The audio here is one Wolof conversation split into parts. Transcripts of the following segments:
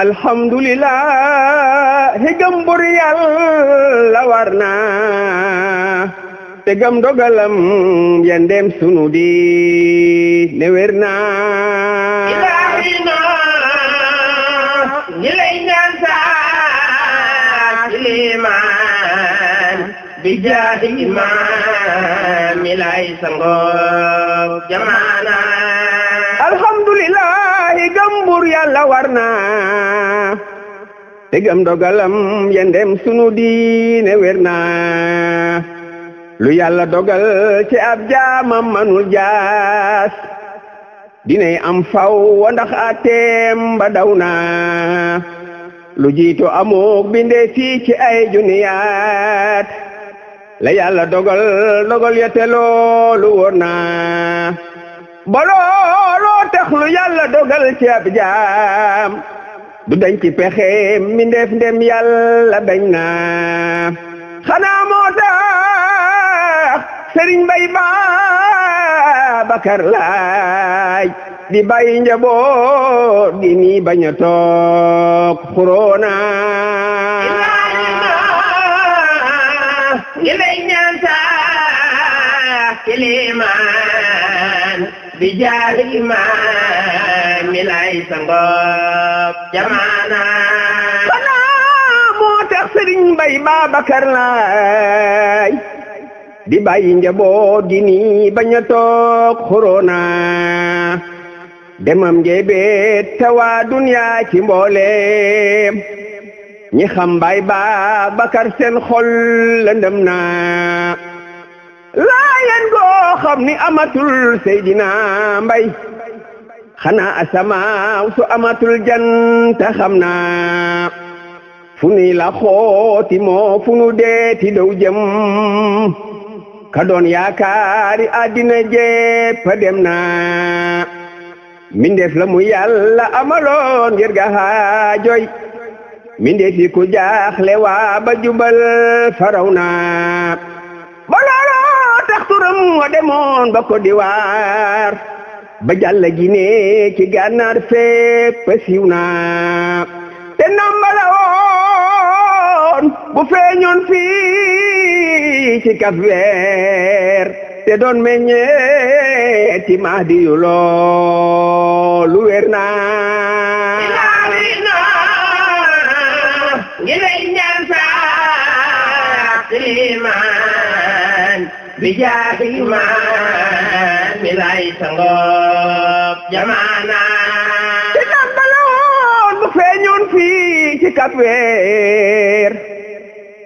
Alhamdulillah, hi gëm bur yàlla war naa te gëm dogalam yandeem sunu di ne wér naa ilaahina ñi lay ñaan saa limaan bi jaahi imaam wallaahi yàlla war na te gëm dogalam yendem sunu diine wér na lu yàlla dogal ci ab jaamam manul jaas dinay am faw wa ndax ateem ba daw na lu jiito amook bindee fii ci ay juniyaat la yàlla dogal dogal ya loolu wóor ba looloo tax lu yàlla dogal ci jaam du dañ ci pexeem mi ndeef ndem yàlla bañ xanaa moo tax sëriñ bay Baabakar laaj di bàyyi njaboot gi nii bañ a toog xuróona ngi lay ñaan saa kilima bi jaali imaam mi lay sangoob jamaana banaa moo tax sëriñ mbay Babacar laay di bàyyi njaboot gi nii bañ a toog xoroona demam njeebeet tawaa duniyaa ci mbooleem ñi xam mbay Babacar seen xol lëndëm na laayen goo xam ni amatul Seydina Mbay xanaa asamaaw su amatul jant xam naa fu nuy la xooti moo fu nu deeti dow jëm ka doon yaakaari àddina jépp dem naa mindeef la mu yàlla amaloon ngir ga xaajoy mindeef yi ku jaaxle waa ba jubal faraw naa moo demoon ba ko diwaar ba jàll gi ne ci gànnaar fépp siiw te nambala woon bu feeñoon fii ci Cap Vert te doon meññee ci Mahdi yu loolu wér na ina bijaahi maan mi lay sangook jamaana ci dandaloon bu feeñoon fii ci kafeer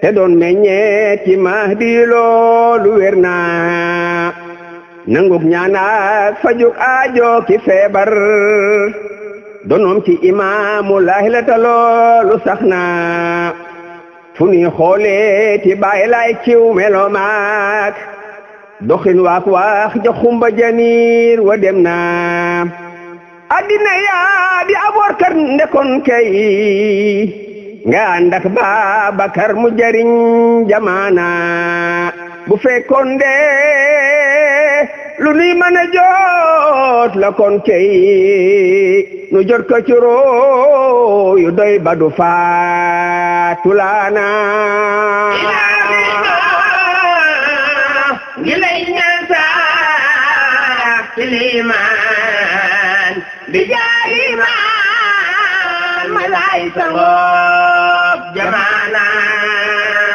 te doon meññeet ci mahdi loolu wér na nanguk ñaanaak fajuk aajo ki feebar donoom ci imaamu lahilata loolu sax na fu ni xoolee ti bàyyi lay ciw melomaak doxin waak waax ja xumba janiir wa dem naa addina yaa di aboorkat ndekon kay nga ànd ak Babakar mu jariñ jamaana bu fekkoon de lu nuy mën a jot la kon kay nu jot ko ci doy ba du faatulaana بالإيمان بجاه إيمان ملايسة غوب جمعنا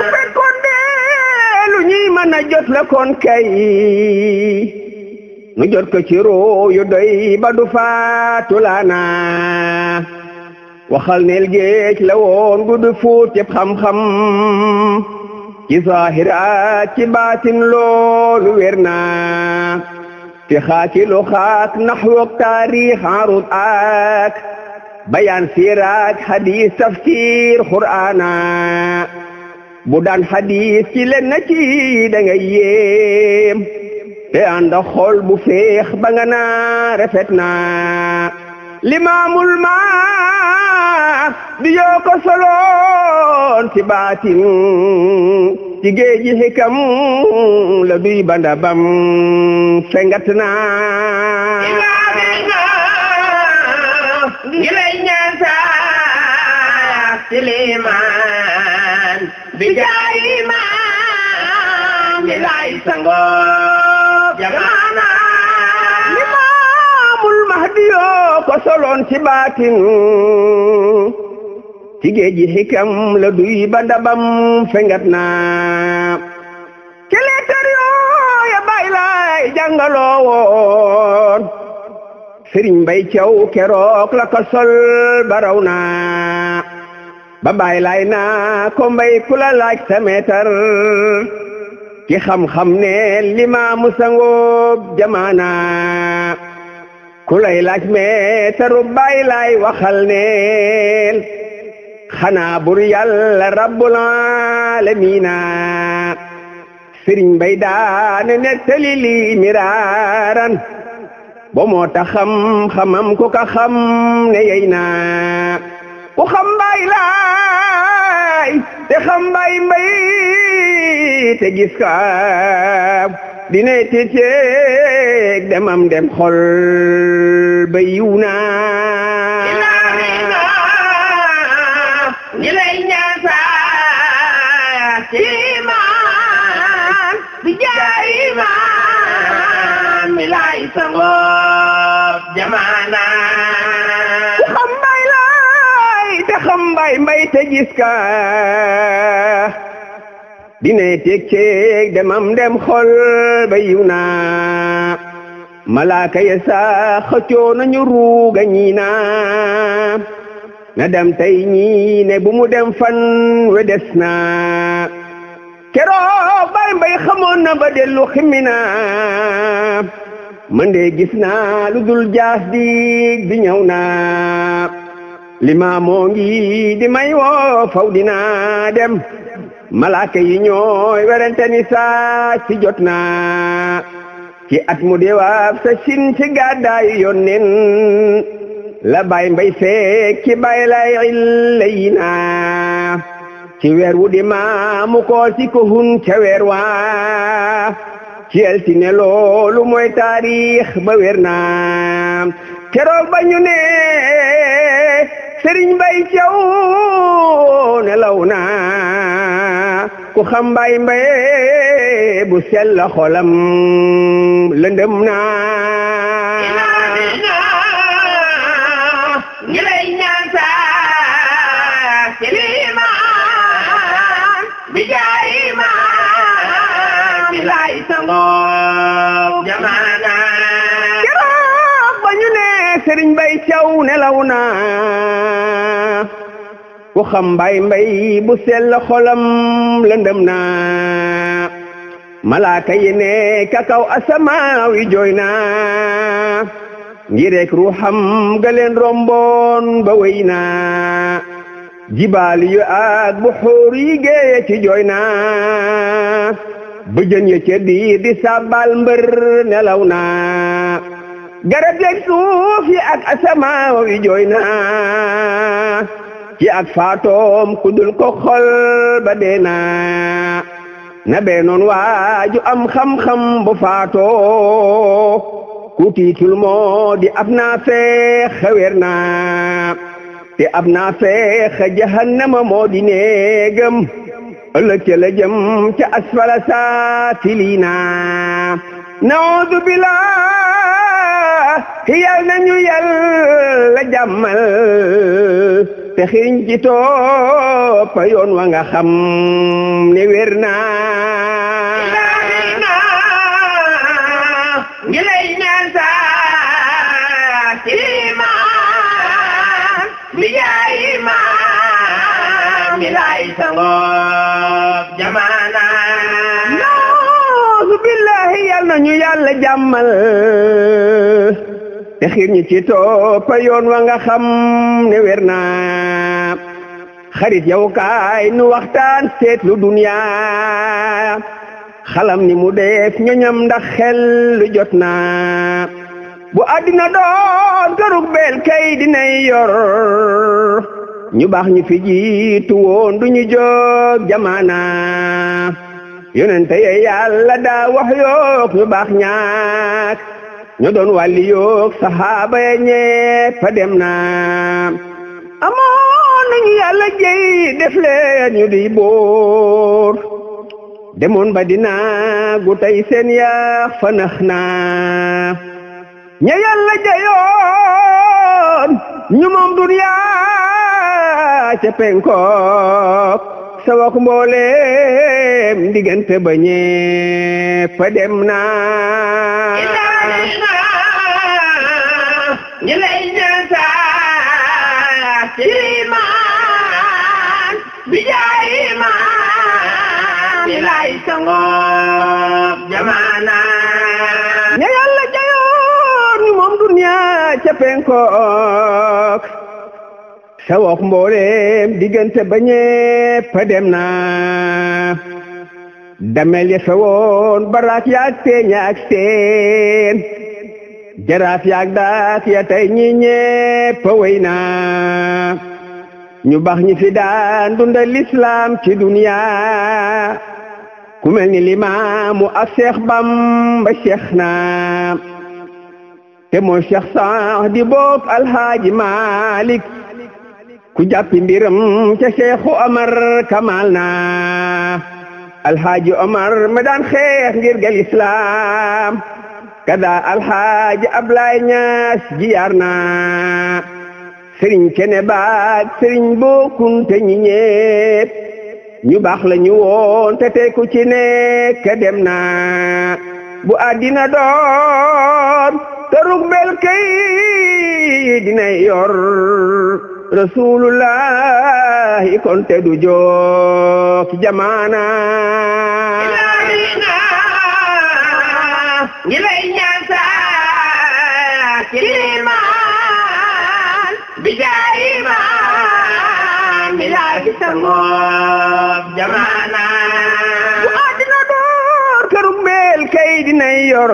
وفكون ديلو نيما نجوت لكون كي nu jot ko ci ruu yu doy ba du faatu laana waxal neel géej la woon gu du fuut yëpp xam-xam ci zaahira ci baatin loolu wér na تخاك لخاك نحوك تاريخ عرضاك بيان سيراك حديث تفسير قرآنا بدان حديث كلنا كي دنجيم te ànd xol bu féex ba nga naa rafet naa limaamul maa di yoo ko soloon ci baatin ci géej xikam la duy banda bam fengat naa gi lay ñaan saa silimaan bi jaayi maam mi lay sango jamaana limaamul mahdi ko soloon ci baatin ci géej gi xikam la duy ba dabam fengat naa ci leetar ya bay laay jàngaloo woon sëriñ mbay caw keroog la ko sol baraw naa ba bay na naa ko mbay ku la laaj sa meetar ci xam-xam ne limaamu sangoob jamaana ku lay laaj meetaru bay laay waxal neel xanaa bur rabbul aalamiina sëriñ bay daane nettali lii miraaran ba moo tax xam-xamam ku ka xam ne yey naa ku laay te xam bay mbay te gis ka demam dem xol ba jaay imaam mi laay sangoob te xam mbay laay te xam mbay te gis ka dinay teg ceeg demam dem xol ba yiw naa malaaka ya sax xëccoo nañu ruuga ñii na dem tey ñii bu mu dem fan we des keroo bay xamoon na ba dellu ximmina man de gis naa lu dul jaas diig bi ñëw naa limaamoo di may woo faw dem malaaka yi ñooy werante ni saa ci jot ci at mu deewaaf sa sin ci gàddaayu yoon nen la bay mbay ci bay lay yi naa ci weer wu di maamu koor ci kohun ca weer waa ci altine loolu mooy taarix ba weer naa keroog ba ñu ne sëriñ bay caw nelaw na ku xam mbay bu sell xolam lëndëm na sëriñ bay caw nelaw naa ku xam mbay mbay bu sell xolam lëndëm naa malaaka naa ruuxam galeen romboon ba wéy jibaal yu ak bu yi géeye ci jooy naa bëjën ya di sàbbal mbër nelaw naa garab yeeg suuf yi ak asamaaw yi jooy na ci ak faatoom ku dul ko xol ba dee na na bee waaju am xam-xam bu faatoo ku tiitul moo di ab naa feex a weer te ab naa feex a jahannama moo di néegam ca la jëm ca asfala saafiliina naawdu billah yal nañu yàlla jàmmal te xiñ ci topp yoon wa nga xam ne wér naa ngi lay ñaan sa imaam bi yaay imaam bi lay sangoob jamaana naasu billahi yal nañu yàlla jàmmal te xiir ñi ci toppa yoon wa nga xam ne wér na xarit yow kaay nu waxtaan seetlu dunya xalam ni mu def ñoñam ndax xel lu jot na bu àddina doon kërug beel kay dinay yor ñu baax ñu fi jiitu woon du ñu jóg jamaana yonente ye yàlla daa wax yook ñu baax ñaak ñu doon wàlli yoog saxaaba ya ñepp a dem na amoon nañu yàlla jey def leen ñu di boor demoon ba dina gu tey seen ya fanax na ña yàlla jeyoon ñu moom duniyaa ca penkook sawak mbooleem diggante ba ñepp a dem na ñi lay ñaan saa ci iman bi jaay ñi lay sangoo jamaana ña yàlla jayoon ñu moom dunya ca penkook sa wax mbooleem diggante ba ñépp dem na damel ya sa woon baraat yaag teeñ ak seen jaraaf yaak daas ya tey ñi ñépp ñu bax ñi fi daan dunda lislaam ci duniya ku mel ni limaamu a seex bamba seex naa te mooy seex sax di bopp alhaaji maalik ku jàppi mbiram ca seexu omar kamal naa alhaaji omar ma daan xeex ngir gal islaam kada alxaaji ablaay ñaas jiyaar naa sëriñ kene baag sëriñ bokkunte ñi ñépp ñu baax la ñu woon te tey ku ci nekk dem naa bu àddina doon te rugbel kay dina yor rasulullahi kon du jook jamaana te moom jamaana bu àddina door këru mbeel kay dinay yor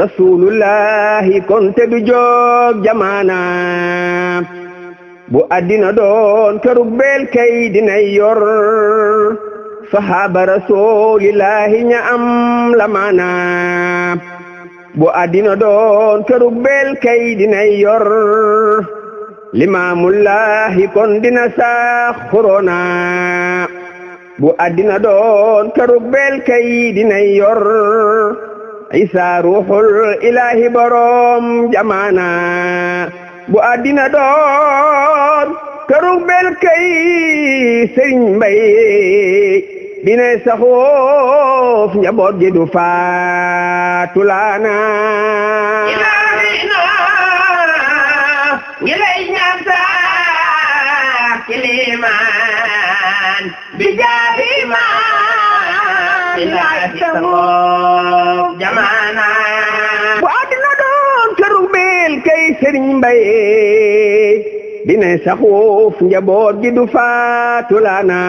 rasulullahi kon te du jamaana bu àddina doon këru mbeel kay dinay yor sahaba rasulillahi ña am la maana bu àddina doon këru mbeel kay dinay yor limaamullaahi kon dina saax korona bu addina doon karug bel kay dinay yor isa ruuxul ilaahi boroom jamaana bu addina doon karug bel kay sëriñ mbay dinay saxoof njaboot gi du faatulaana الرحمن بجاه ما إلهي سمو جمعنا وعدنا دوم ترميل كي سرين بي دين سخوف نجبور جدو فاتولانا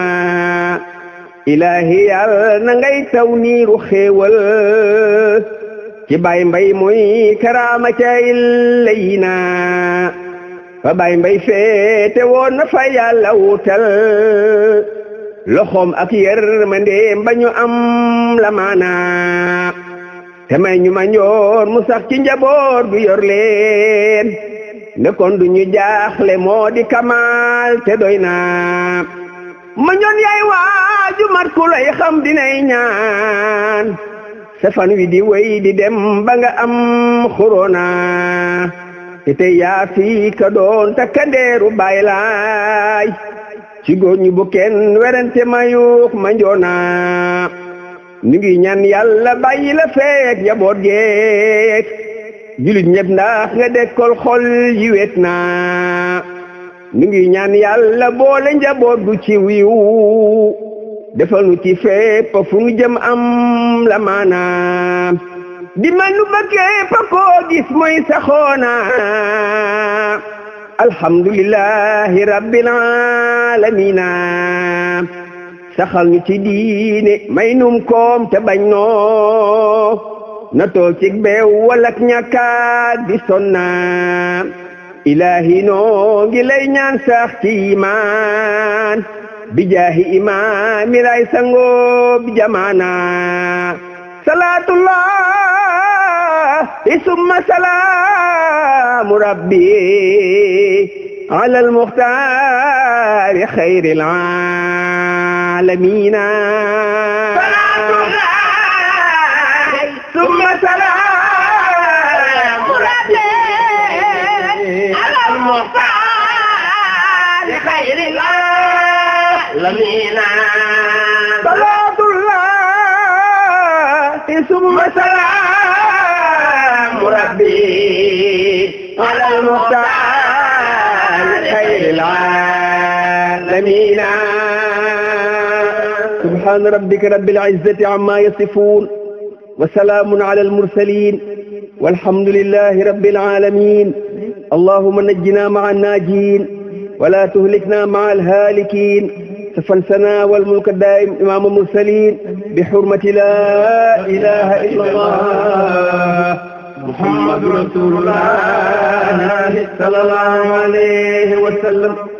إلهي يال نغي توني روخي وال ci bay mbay muy karaama ca illayna fa bay mbay feete woon na fa yàlla wutal loxoom ak yërmandeem ba ñu am la te may ñu ma ñoor mu sax ci njaboot gu yor leen ne kon du ñu jaaxle moo di kamaal te doy na ma ñoon yaay waaju mat ku lay xam dinay ñaan sa wi di wéy di dem ba am xuróona ite yaa fii ka doon takkandeeru baay laay ci góor ñi bu kenn mayuux ma njoona ñu ngi ñaan yàlla bàyyi la feek njaboot geek julit ñëpp ndax nga dekkol xol yi wet na ñu ngi ñaan yàlla boole njaboot gu ci wiw defal nu ci fépp fu jëm am la maanaam di mel nu ba képp koo gis mooy saxoona alhamdulillahi rabbil alamina saxal ñu ci diine may num koom te bañ noo na toog cig beew walak ñàkkaat di sonna ilaahi noo ngi lay ñaan sax ci imaan bijaahi imaami ray sango bi jamaana salaatullah ثم سلام ربي على المختار خير العالمين ثم سلام ربي على المختار خير العالمين صلاة الله ثم سلام ربي على المختار خير العالمين سبحان ربك رب العزة عما يصفون وسلام على المرسلين والحمد لله رب العالمين اللهم نجنا مع الناجين ولا تهلكنا مع الهالكين فن والملك الدائم إمام المرسلين بحرمة لا إله إلا الله محمد رسول الله صلى الله عليه وسلم